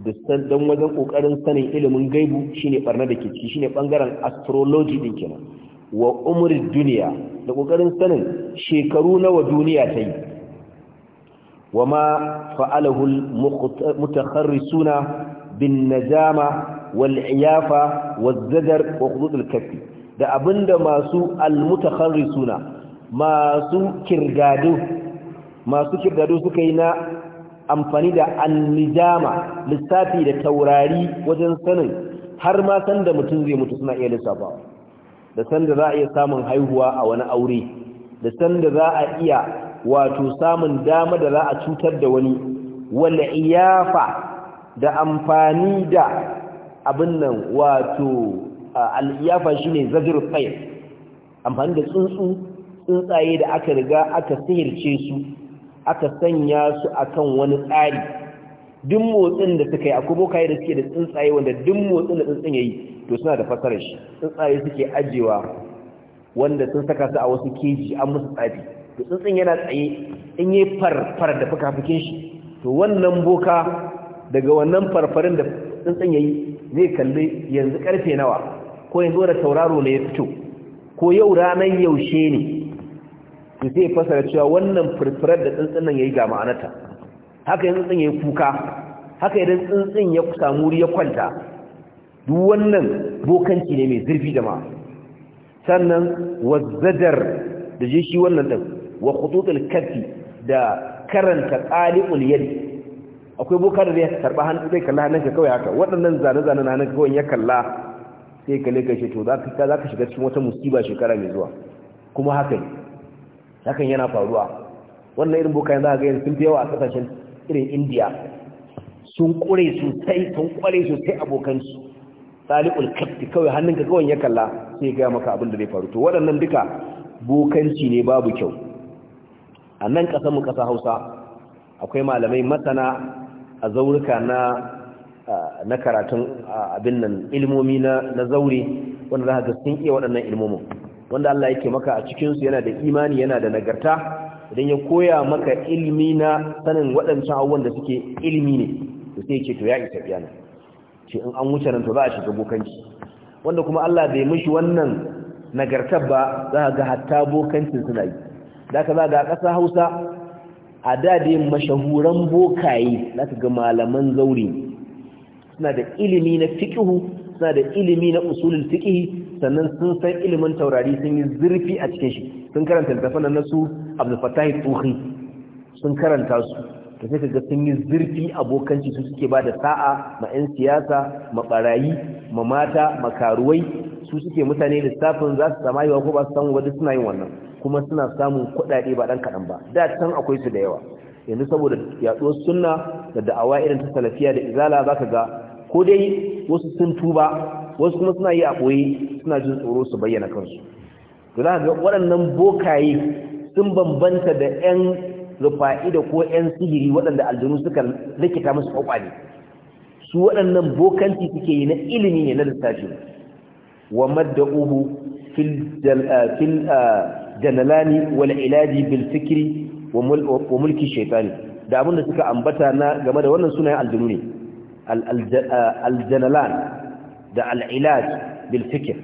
dustan dan wajen kokarin sanin ilimin gaibu shine barna da ke ciki shine bangaren astrology din kenan wa umri duniya da kokarin sanin shekaru nawa duniya ta yi wa ma fa'alahu al-mutakharrisuna bin najama wal iyafa zadar wa khudud da abinda masu al-mutakharrisuna masu kirgado masu kirgado suka yi na amfani da annijama lissafi da taurari wajen sanin har ma san da mutum zai mutu suna iya lissafawa da sanda za a iya samun haihuwa a wani aure da sanda za a iya wato samun dama da za a cutar da wani wala iyafa da amfani da abin nan wato al'iyafa shi ne zajir tsayar amfani da tsuntsu tsuntsaye da aka riga aka sihirce su aka sanya su akan wani tsari duk motsin da suka yi akwai kayi da suke da tsuntsaye wanda duk motsin da tsuntsun yi to suna da fasarar shi tsuntsaye suke ajewa wanda sun saka su a wasu keji an musu tsafi to tsuntsun yana tsaye in yi farfar da fukafukin shi to wannan boka daga wannan farfarin da tsuntsun yi zai kalli yanzu karfe nawa ko yanzu da tauraro ne ya fito ko yau ranar yaushe ne to sai fasara cewa wannan farfarar da tsuntsun nan yayi ga ma'anarta haka yanzu tsuntsun ya yi kuka haka yin tsuntsun ya samu ya kwanta duk wannan bokanci ne mai zurfi da ma sannan wazzadar da je shi wannan ɗin wa kututul kafi da karanta ƙali'ul yadi akwai boka da zai karɓa hannu zai kalla ka kawai haka waɗannan zane-zane na hannunka kawai ya kalla sai ka leka shi to za ka shiga cikin wata musiba shekara mai zuwa kuma haka hakan yana faruwa wannan irin bokayen yanzu a ga yin sun fi yawa a ƙasashen irin indiya sun kure sosai sun kware sosai abokansu sali'ul kafti kawai hannunka kawai ya kalla sai gaya maka abin da zai faru to waɗannan duka bokanci ne babu kyau a nan mu ƙasa hausa akwai malamai masana a zaurika na na karatun abin nan ilmomi na zaure wanda za ka sun iya waɗannan ilmomin wanda Allah yake maka a cikinsu yana da imani yana da nagarta idan ya koya maka ilimi na sanin waɗancan abubuwan da suke ilimi ne to sai ce to ya isa biya nan ce in an wuce nan to za a shiga bokanci wanda kuma Allah bai mishi wannan nagartar ba za ga hatta bokancin suna yi da ka za ga ƙasa Hausa a da dai mashahuran bokaye za ka ga malaman zaure suna da ilimi na fiƙihu, suna da ilimi na usulun fiqh sannan sun san ilimin taurari sun yi zurfi a cikin shi sun karanta littafin na su abdul fatahi tuhi sun karanta su to sai kaga sun yi zurfi abokanci su suke ba da sa'a ma yan siyasa ma barayi ma mata ma karuwai su suke mutane lissafin za su sama ko ba su samu ba duk suna yin wannan kuma suna samun kuɗaɗe ba dan kaɗan ba da can akwai su da yawa yanzu saboda yaɗuwar sunna da da'awa irin ta salafiya da izala zaka ga ko dai wasu sun tuba wasu kuma suna yi a ɓoye suna jin tsoro su bayyana kansu to za ga waɗannan bokaye sun bambanta da 'yan rufa'i da ko 'yan sihiri waɗanda aljanu suka likita musu kwakwale su waɗannan bokanci suke yi na ilimi ne na lissafi wa madda'uhu fil jalalani eh, eh, wal ilaji bil fikri wa mulki shaitani da abin da suka ambata na game da wannan sunayen aljanu ne eh, aljanalan da al'ilaj bil fikr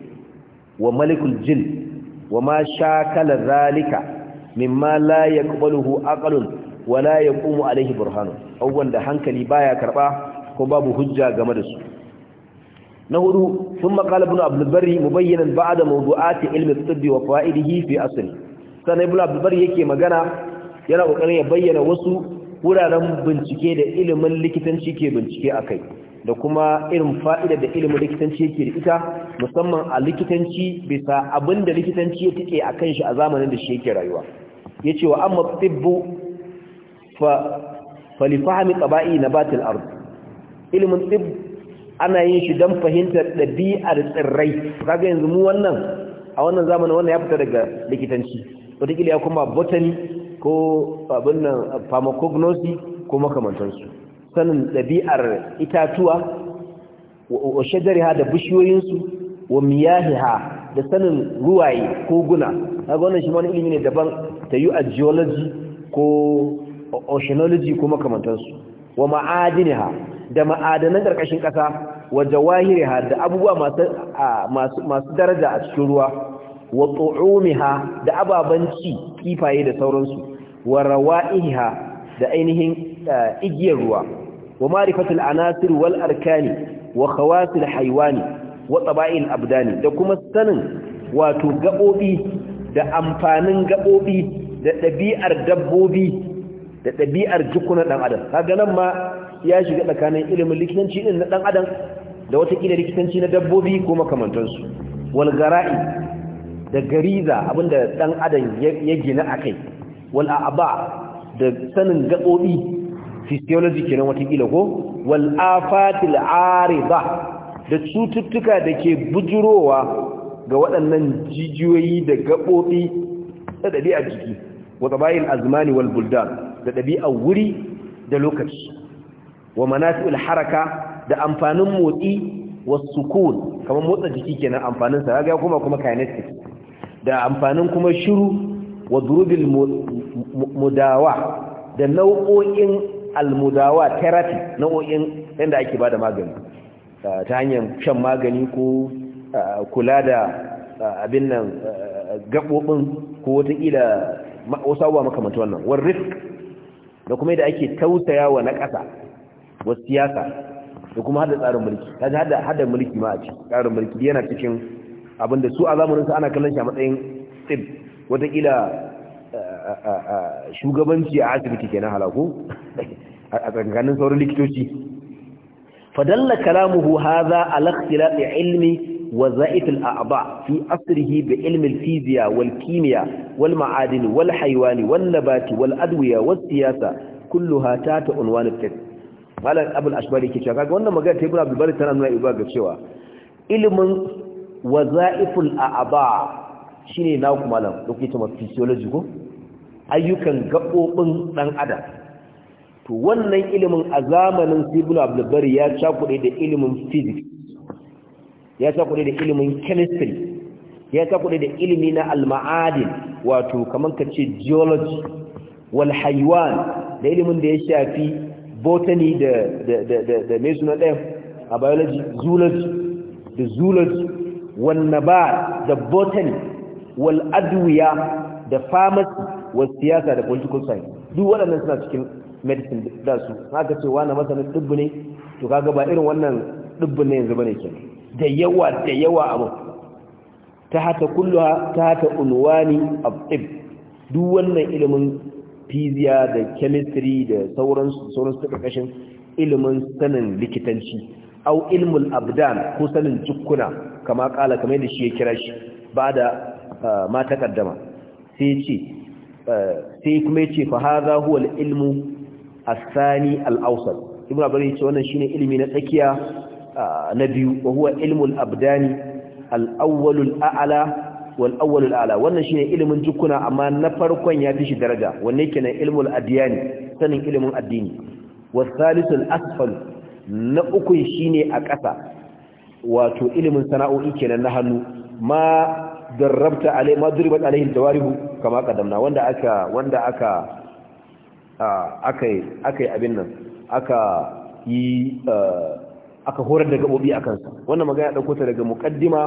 wa malikul jin wa ma shakala zalika mimma la yaqbaluhu aqlun wa la yaqumu alayhi burhanu abubuwan da hankali baya karba ko babu hujja game da su na hudu sun maƙala bin abdulbari mubayyanin ba da mawdu'ati ilmin tsibbi wa fa'idihi hifi asali sannan ibn abdulbari yake magana yana ƙoƙarin ya bayyana wasu wuraren bincike da ilimin likitanci ke bincike a kai da kuma irin fa'ida da ilimin likitanci yake da ita musamman a likitanci bisa abin da likitanci ya tike a kan shi a zamanin da shi yake rayuwa ya ce wa amma tibbu falifahami ƙaba'i na batin arz ilimin tib ana yin shi don fahimtar da tsirrai kaga yanzu mu wannan a wannan zamanin wannan ya fita daga likitanci wataƙila ya kuma botany ko abin nan pharmacognosy ko makamantansu sanin ɗabi'ar itatuwa wa ha da bishiyoyinsu wa ha da sanin ruwaye ko koguna kaga wannan shi wani ilimi ne daban ta yi a geology ko oceanology ko makamantansu wa ma'adiniha da ma'adanan ƙarƙashin ƙasa wa jawahirha da abubuwa masu daraja a cikin ruwa wa tsu'umiha da ababen ci kifaye da sauransu wa rawa'iha da ainihin eh, igiyar ruwa wa marifatul anasir wal arkani wa khawasil haywani wa taba'il abdani da kuma sanin wato gabobi da amfanin gabobi da ɗabi'ar dabbobi da ɗabi'ar jikunan ɗan adam kaga nan ma ya shiga tsakanin ilimin likitanci ɗin na ɗan adam da watakila likitanci na dabbobi ko makamantansu Walgarai da gariza abinda ɗan adam ya gina a kai wal a'aba da sanin gaɓoɓi physiology kenan watakila ko wal afatil arida da cututtuka da ke bujurowa ga waɗannan jijiyoyi da gaɓoɓi da ɗabi'ar jiki wa tsabayin azmani wal buldan da ɗabi'ar wuri da lokaci wa manasi'ul haraka da amfanin motsi wa sukun kamar motsa jiki kenan amfanin sa ga kuma kuma kinetic da amfanin kuma shiru wa durubil mudawa da nau'o'in almudawa therapy nau'o'in yadda ake ba da magani eh, ta hanyar shan magani ko eh, kula da eh, abin nan gaɓoɓin ko watakila wasu abuwa makamanta wannan war risk da kuma yadda ake tausaya wa na ƙasa wasu siyasa da kuma hada tsarin mulki ta ji hada mulki ma a ci tsarin mulki yana cikin abinda su a zamaninsa ana kallon shi a matsayin tsib watakila shugabanci a asibiti kenan halaku a tsakanin sauran likitoci fadalla kalamuhu haza ala da ilmi wa za'if aba fi asrihi da ilmi al-fiziya wal kimiyya wal ma'adin wal haywani wal nabati wal adwiya was siyasa kulluha ta ta unwan al-fiqh malam ashbari ke cewa kaga wannan magana ta ibnu abdul tana nuna iba ga cewa ilimin wa aba shine na ku malam lokacin physiology ko ayyukan gaɓoɓin ɗan adam to wannan ilimin a zamanin sibin bari ya cakuɗe da ilimin physics ya cakuɗe da ilimin chemistry ya cakuɗe da ilimi na alma'adin wato kamar ka ce geology wal da ilimin da ya shafi botany da da mai suna ɗaya a biology zoology da zoology wal ba da botany wal adwiya da pharmacy wa siyasa da political science duk waɗannan suna cikin medicine da su haka ce wani masanin dubbu ne to kaga ba irin wannan dubbu ne yanzu bane ke. da yawa da yawa abu ta hata kulluha ta hata unwani abib duk wannan ilimin physics da chemistry da sauran sauran su ilimin sanin likitanci au ilmul abdan ko sanin jukkuna kama kala kamar da shi ya kira shi ba da ah, ma takaddama sai ce sai kuma yace fa haza huwa ilmu a al'ausar ibn abdullahi ya ce wannan shine ilimi na tsakiya na biyu wa huwa ilmul abdani al'awwalul a'ala wal awwalul a'la wannan shine ilimin jukuna amma na farkon ya fi shi daraja wanne kenan ilmul adiyani sanin ilimin addini was salisul asfal na uku shine a ƙasa wato ilimin sana'o'i kenan na hannu ma darrabta alai ma duribat alaihi dawarihu kama kadamna wanda aka wanda aka aka aka abin nan aka yi aka horar da gabobi a kansa wannan magana dauko ta daga muqaddima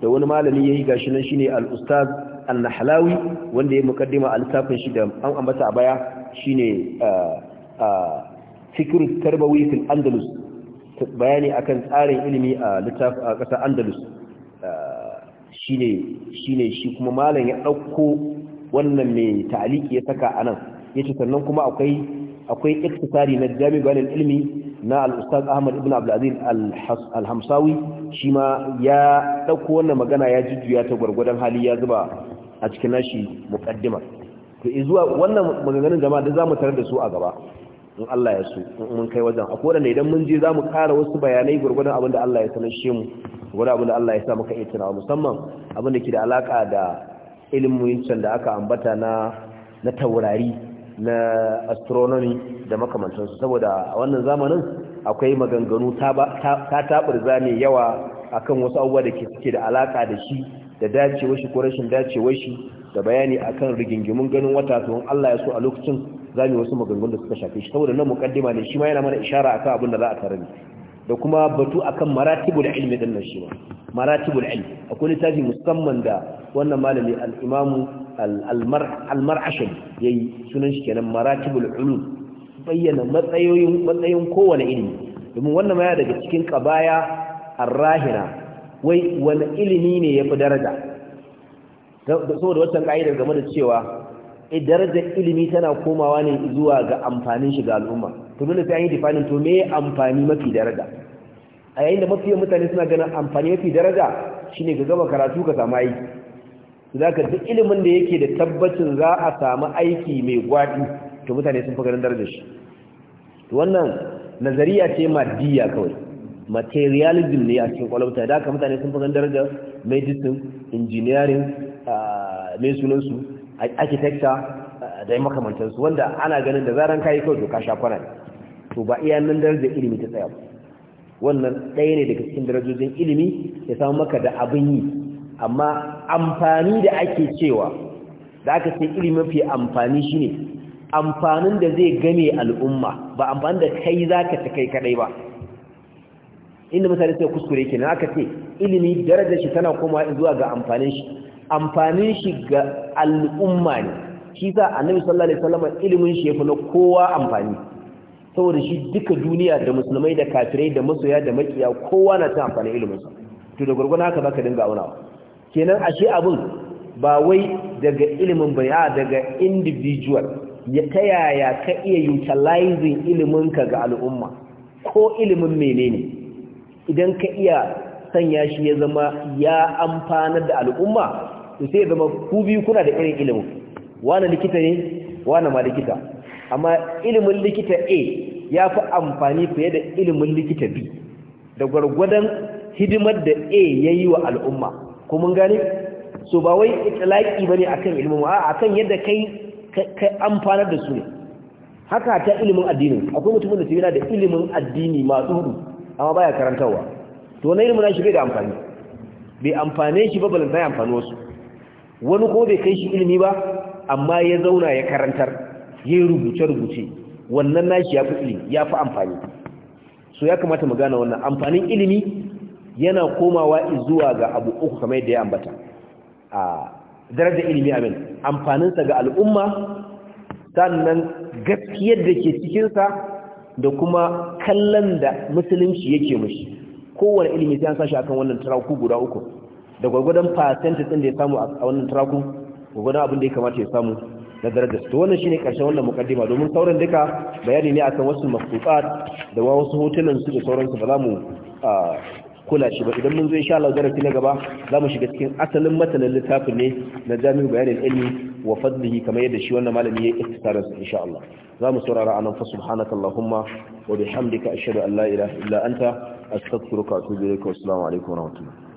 da wani malami yayi gashi nan shine al-ustaz an-nahlawi wanda ya muqaddima al littafin shi da an ambata a baya shine fikru tarbawi fil andalus bayani akan tsarin ilimi a littafi a andalus shine shine shi kuma malam ya ɗauko. wannan mai ta'aliki ya saka a anan ce sannan kuma akwai akwai iktisari na jami'u bayanin ilmi na al Ahmad ibn Abdul Alhamsawi, shi ma ya ɗauko wannan magana ya ya ta gurgurdan hali ya zuba a cikin nashi muqaddima to zuwa wannan maganganun jama'a da mu tarar da su a gaba in Allah ya so mun kai wajen akwai wanda idan mun je za mu kara wasu bayanai gurgurdan abinda Allah ya sanar shi mu gurgurdan abinda Allah ya sa muka iya tunawa musamman abin da ke da alaka da ilimin can da aka ambata na na taurari na astronomy da makamantansu saboda a wannan zamanin akwai maganganu ta taɓurza ne yawa akan wasu abubuwa da ke suke da alaƙa da shi da dacewa shi ko rashin dacewa shi da bayani akan rigingimun ganin wata to Allah ya so a lokacin zami wasu maganganu da suka shafe shi saboda nan mukaddima ne shi ma yana mana ishara akan abin da za a tare da kuma batu akan maratibul ilmi din nan shi ma maratibul ilmi akwai littafi musamman da wannan malami al-imamu al yayi sunan shi kenan maratibul ulum bayyana matsayoyin matsayin kowane ilimi domin wannan ma ya daga cikin qabaya ar-rahina wai wani ilimi ne yafi daraja saboda wannan ka'idar game da cewa Eh, darajar ilimi tana komawa ne zuwa ga amfanin shi ga al'umma to dole sai an yi defining to me amfani mafi daraja a yayin da mafi mutane suna ganin amfani mafi daraja shine ka gama karatu ka samu aiki zaka duk ilimin da yake da tabbacin za a samu aiki mai gwadi to mutane sun fi ganin darajar shi to wannan nazariya ce maddiya kawai materialism ne a cikin kwalabta da ka mutane sun fi ganin darajar medicine engineering ah, mai sunansu architecture eh, da makamantansu wanda ana ganin da zaran kayi kawai doka sha kwana to ba iya nan darajar ilimi ta tsaya wannan ɗaya ne daga cikin darajojin ilimi ya samu maka da abin yi amma amfani da ake cewa da aka ce ilimi mafi amfani shine amfanin da zai game al'umma ba amfanin da kai zaka ta kai kadai ba inda misali sai kuskure kenan aka ce ilimi darajar shi tana komawa zuwa ga amfanin shi amfanin shi ga al'umma ne shi sa annabi sallallahu alaihi wasallam ilimin shi yafi na kowa amfani saboda shi duka duniya da musulmai da kafirai da masoya da makiya kowa na ta amfani ilimin sa to da gurgurna haka zaka dinga aunawa kenan ashe abun ba wai daga ilimin bai a daga individual ya ta yaya ka iya utilizing ilimin ka ga al'umma ko ilimin menene idan ka iya sanya shi ya zama ya amfana da al'umma to sai zama ku biyu kuna da irin ilimin wani likita ne wani ma likita amma ilimin likita A ya fi amfani fiye da ilimin likita B da gwargwadon hidimar da A ya yi wa al'umma ko mun gane so ba wai itilaki bane akan ilimin a akan yadda kai amfanar da su ne haka ta ilimin addini akwai mutumin da yana da ilimin addini masu hudu amma baya karantawa to na ilimin shi bai da amfani bai amfane shi ba balanta ya amfani wasu wani ko bai kai shi ilimi ba amma ya zauna ya karantar ya yi rubuce-rubuce wannan nashi ya fi ilimi ya fi amfani so ya kamata mu gane wannan amfanin ilimi yana komawa zuwa ga abu uku kamar yadda ya ambata a darajar ilimi amin amfaninsa ga al'umma sannan gaskiyar da ke cikinsa da kuma kallon da musulunci yake mushi. kowane ilimi sai an sashi akan wannan tarauku guda uku da gwagwadon percentage din da ya samu a wannan traku gwagwadon abin da ya kamata ya samu na darajar to wannan shine karshen wannan mukaddima domin sauran duka bayani ne akan wasu mafsuqat da wasu hotunan su da sauransu ba za mu kula shi ba idan mun zo insha Allah darasi na gaba za mu shiga cikin asalin matanin littafin ne na jami'u bayanin ilmi wa fadlihi kamar yadda shi wannan malami ya iktisarar sa insha Allah za mu saurara anan fa subhanaka allahumma wa bihamdika ashhadu an la ilaha illa anta astaghfiruka wa atubu wa assalamu alaikum wa rahmatullahi